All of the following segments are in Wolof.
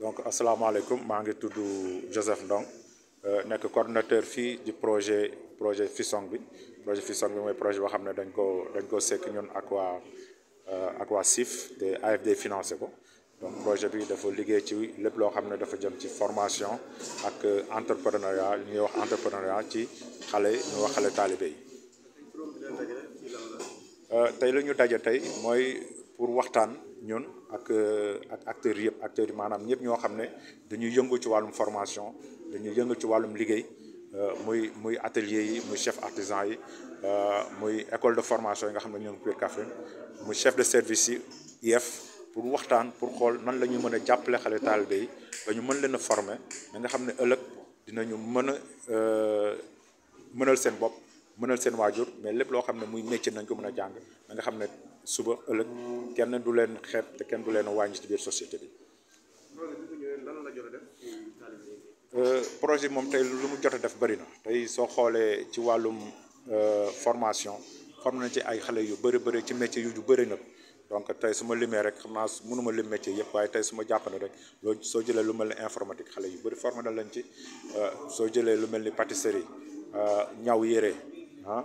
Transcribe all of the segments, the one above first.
donc assalamu alaikum, Mangi Joseph euh nek coordinateur le du projet projet Fisong bi projet Fisong bi projet qui xamne dañ euh, ko dañ ko AFD financé donc projet bi dafa liggé ci formation ak euh, entrepreneuriat wax ci ñu euh, pour ñun ak euh, ak acteurs yëpp acteurs manam maanaam ñëpp ñoo xamné dañuy yëngu ci walum formation dañuy yëngu ci wàllum liggéey euh, muy muy atelier yi muy chef artisan yi euh, muy école de formation yi nga xamné ne ñoo ngi biir Kaffrine muy chef de service yi IEF pour waxtaan pour xool nan la mëna jappalé a jàppale xale taalibe yi ba ñu mën leen former da nga xamné ëlëk dinañu mëna euh mënal seen bop mënal seen wajur mais lepp lo xamné muy métier nañ ko mëna jang nga xamné suba ëllëg kenn du leen xeeb te kenn du leen wàññi ci biir société bi. Euh, projet moom tey lu mu jot a def bëri na tey soo xoolee ci wàllum euh, formation forme nañ ci ay xale yu bëri bëri ci métier yu bëri na donc tey su ma limee rek xam naa mënuma lim métier yëpp waaye tey su ma jàppale rek loolu soo jëlee lu mel ni informatique xale yu bari formé na lañ ci euh, soo jëlee lu mel ni pâtisserie ñaw yére ah,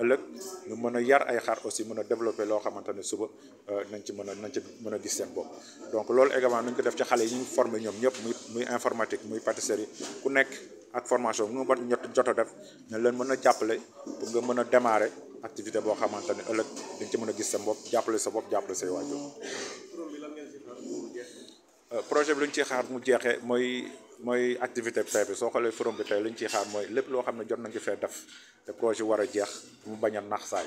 ëllëg ñu mën a yar ay xar aussi mën a développer loo xamante ne suba euh, nañ ci mën a nañ ci mën a gis seen bopp donc loolu également nu ñu ko def ci xale yi ñu formé ñoom ñëpp muy muy informatique muy pâtisserie ku nekk ak formation bu nga mën jot a def ne leen mën a jàppale pour nga mën a démarrer activité boo xamante ne ëllëg dañ ci mën a gis sa bopp jàppale sa bopp jàppale say waajur euh, projet bi lu ñu ci xaar mu jeexee mooy mooy activité fee bi soo xoolee forum bi tey lu ñu ciy xaar mooy lépp loo xam ne jot na ci fee def te projet war a jeex mu bañ a nax saay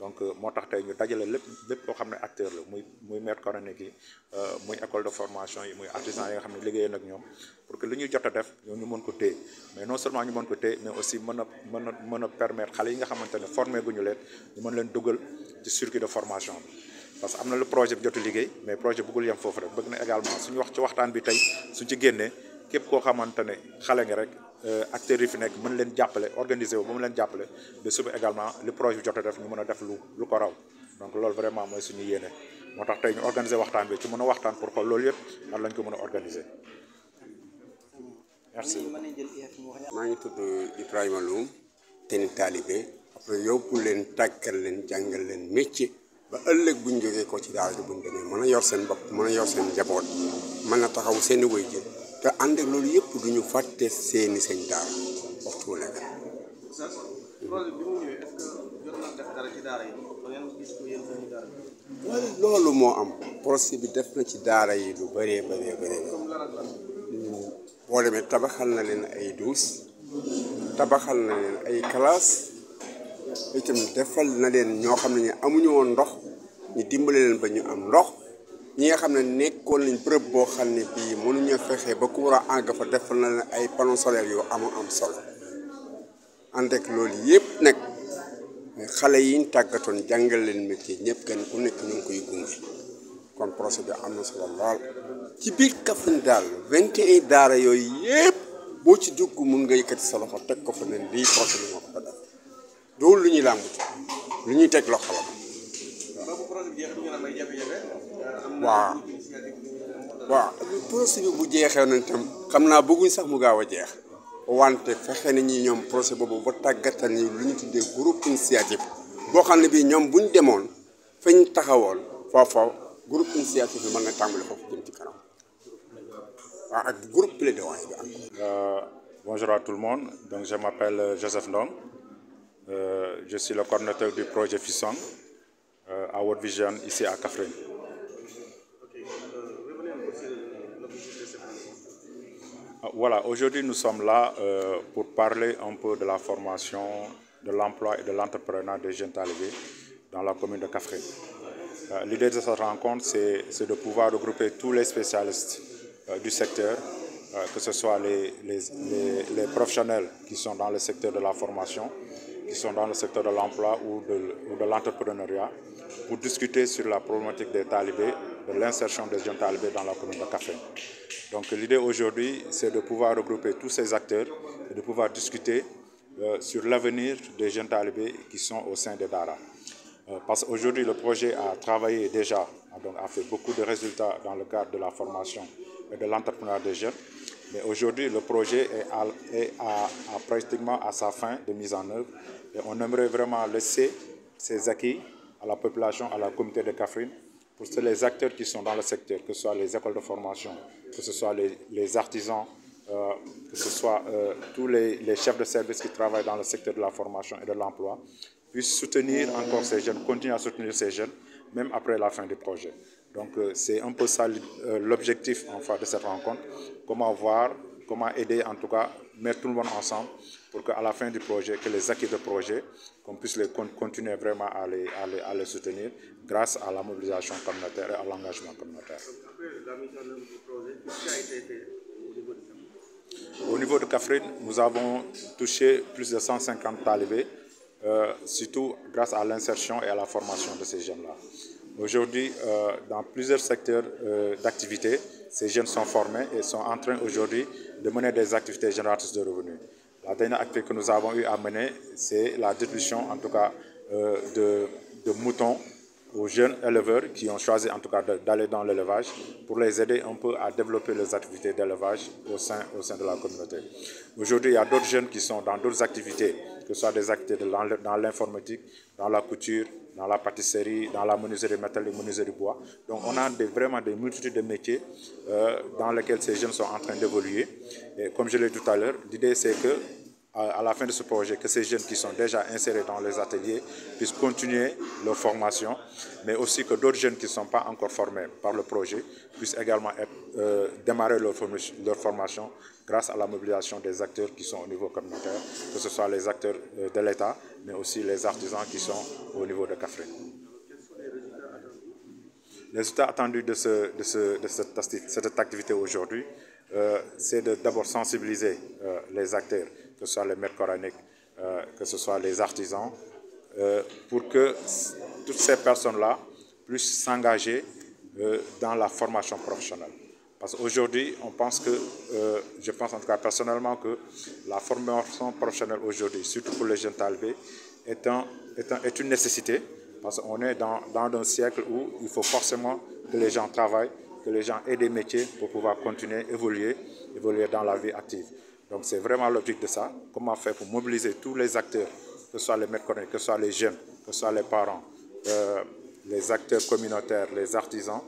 donc euh, moo tax tey ñu dajale lépp lépp loo xam ne acteur la muy muy maître coranique yi euh, muy école de formation yi muy artisan yi nga xam ne liggéey nag ñoom pour que li ñuy jot a def ñoo ñu mën ko téye mais non seulement ñu mën ko téye mais aussi mën a mën a mën a permettre xale yi nga xamante ne formé guñu leen ñu mën leen dugal ci circuit de formation bi parce que am na projet bi jotu mais projet bëggul yem foofu rek bëgg suñu wax ci waxtaan bi tey suñ ci génnee képp koo xamante ne xale nga rek euh, acteurs yi fi nekk mën leen jàppale organiser wu ba mu leen jàppale ba suba également li projet bi jot a def ñu mën a def lu lu ko raw donc lool vraiment mooy suñu yéene moo tax tey ñu organiser waxtaan bi ci mën a waxtaan pour xool loolu yëpp man lañ ko mën a organiser. maa ngi tudd Ibrahima Loum te ni taalibe après yóbbu leen tàggal leen jàngal leen métier ba ëllëg buñ jógee ko ci daal di buñ mën a yor seen bopp mën a yor seen njaboot mën a taxaw seeni i wéy te ànd ak loolu yëpp du ñu fàtte seeni sëñ daara waxtu wu nekk. loolu moo am projet bi def na ci daara yi lu bëree bëree bëree boo demee tabaxal na leen ay duus tabaxal na leen ay classe itam defal na leen ñoo xam ne ñu amuñu woon ndox ñu dimbale leen ba ñu am ndox ñi nga xam ne nekkoon nañ bërëb boo xam ne bii mënuñu fexe ba courant àgg fa defal na leen ay panneau solaire yu amu am solo ànd ak loolu yëpp nag xale yi ñu tàggatoon jàngal leen métier ñëpp gën ku nekk ñu ngi koy gunge kon projet bi am na solo lool ci biir Kaffrine daal vingt et un daara yooyu yëpp boo ci dugg mun nga yëkkati sa loxo teg ko fa ne lii projet bi moo ko fa def loolu lu ñuy làmbatu lu ñuy teg loxo la. waaw waaw procès bi bu jeexee nañ tam xam naa bëgguñ sax mu gaaw a jeex wante fexe nañu ñoom procès boobu ba tàggatal ni lu ñu tuddee groupe initiative boo xam ne bii ñoom bu ñu demoon fa taxawoon foofa groupe initiative bi mën na tàmbali foofu jëm ci kanam waaw ak groupe plaidoyer bi am. Euh, bonjour à tout le monde donc je m'appelle euh, Joseph Ndong euh, je suis le coordinateur du projet FISON euh, à World Vision ici à kafrine Voilà, aujourd'hui nous sommes là euh, pour parler un peu de la formation, de l'emploi et de l'entrepreneuriat des jeunes talibés dans la commune de Cafré. Euh, l'idée de cette rencontre, c'est de pouvoir regrouper tous les spécialistes euh, du secteur, que ce soit les, les, professionnels qui sont dans le secteur de la formation, qui sont dans le secteur de l'emploi ou de, de l'entrepreneuriat, pour discuter sur la problématique des talibés l'insertion des jeunes talibés dans la commune de Café. Donc l'idée aujourd'hui, c'est de pouvoir regrouper tous ces acteurs et de pouvoir discuter euh, sur l'avenir des jeunes talibés qui sont au sein des Dara. Euh, parce qu'aujourd'hui, le projet a travaillé déjà, a fait beaucoup de résultats dans le cadre de la formation et de l'entrepreneuriat des jeunes. Mais aujourd'hui, le projet est, à, pratiquement à sa fin de mise en œuvre. Et on aimerait vraiment laisser ces acquis à la population, à la communauté de Kafrine, pour que les acteurs qui sont dans le secteur, que ce soit les écoles de formation, que ce soit les, artisans, euh, que ce soit euh, tous les, chefs de service qui travaillent dans le secteur de la formation et de l'emploi, puissent soutenir encore ces jeunes, continuer à soutenir ces jeunes, même après la fin du projet. Donc euh, c'est un peu ça l'objectif fait de cette rencontre, comment voir comment aider en tout cas, mettre tout le monde ensemble pour qu'à la fin du projet, que les acquis de projet, qu'on puisse les continuer vraiment à les, soutenir grâce à la mobilisation communautaire et à l'engagement communautaire. Au niveau de Kafrine, nous avons touché plus de 150 talibés, euh, surtout grâce à l'insertion et à la formation de ces jeunes-là. Aujourd'hui, euh, dans plusieurs secteurs euh, d'activité, ces jeunes sont formés et sont en train aujourd'hui de mener des activités génératrices de revenus. La dernière activité que nous avons eu à mener, c'est la distribution, en tout cas, euh, de moutons aux jeunes éleveurs qui ont choisi en tout cas d'aller dans l'élevage pour les aider un peu à développer les activités d'élevage au sein, au sein de la communauté. Aujourd'hui, il y a d'autres jeunes qui sont dans d'autres activités, que ce soit des activités dans l'informatique, dans la couture, dans la pâtisserie, dans la menuiserie métallique, menuiserie bois. Donc on a vraiment des multitudes de métiers euh, dans lesquels ces jeunes sont en train d'évoluer. Et comme je l'ai dit tout à l'heure, l'idée c'est que à la fin de ce projet, que ces jeunes qui sont déjà insérés dans les ateliers puissent continuer leur formation, mais aussi que d'autres jeunes qui ne sont pas encore formés par le projet puissent également euh, démarrer leur, formation grâce à la mobilisation des acteurs qui sont au niveau communautaire, que ce soit les acteurs euh, de l'État, mais aussi les artisans qui sont au niveau de Cafré. Les résultats attendus de, cette, activité aujourd'hui, euh, c'est d'abord sensibiliser les acteurs que ce soit les maires coraniques, euh, que ce soit les artisans, euh, pour que toutes ces personnes-là puissent s'engager euh, dans la formation professionnelle. Parce qu'aujourd'hui, on pense que, je pense en tout cas personnellement que la formation professionnelle aujourd'hui, surtout pour les jeunes talibés, est, est une nécessité. Parce qu'on est dans, dans un siècle où il faut forcément que les gens travaillent, que les gens aient des métiers pour pouvoir continuer, évoluer, évoluer dans la vie active. Donc c'est vraiment l'objectif de ça. Comment faire pour mobiliser tous les acteurs, que ce soit les maîtres que ce soit les jeunes, que ce soit les parents, euh, les acteurs communautaires, les artisans,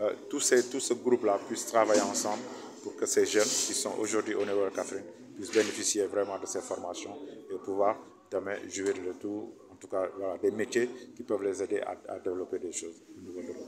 euh, tous tout, ces, tout ce groupe-là puisse travailler ensemble pour que ces jeunes qui sont aujourd'hui au niveau de Catherine puissent bénéficier vraiment de ces formations et pouvoir demain jouer le tout, en tout cas des métiers qui peuvent les aider à, développer des choses au niveau de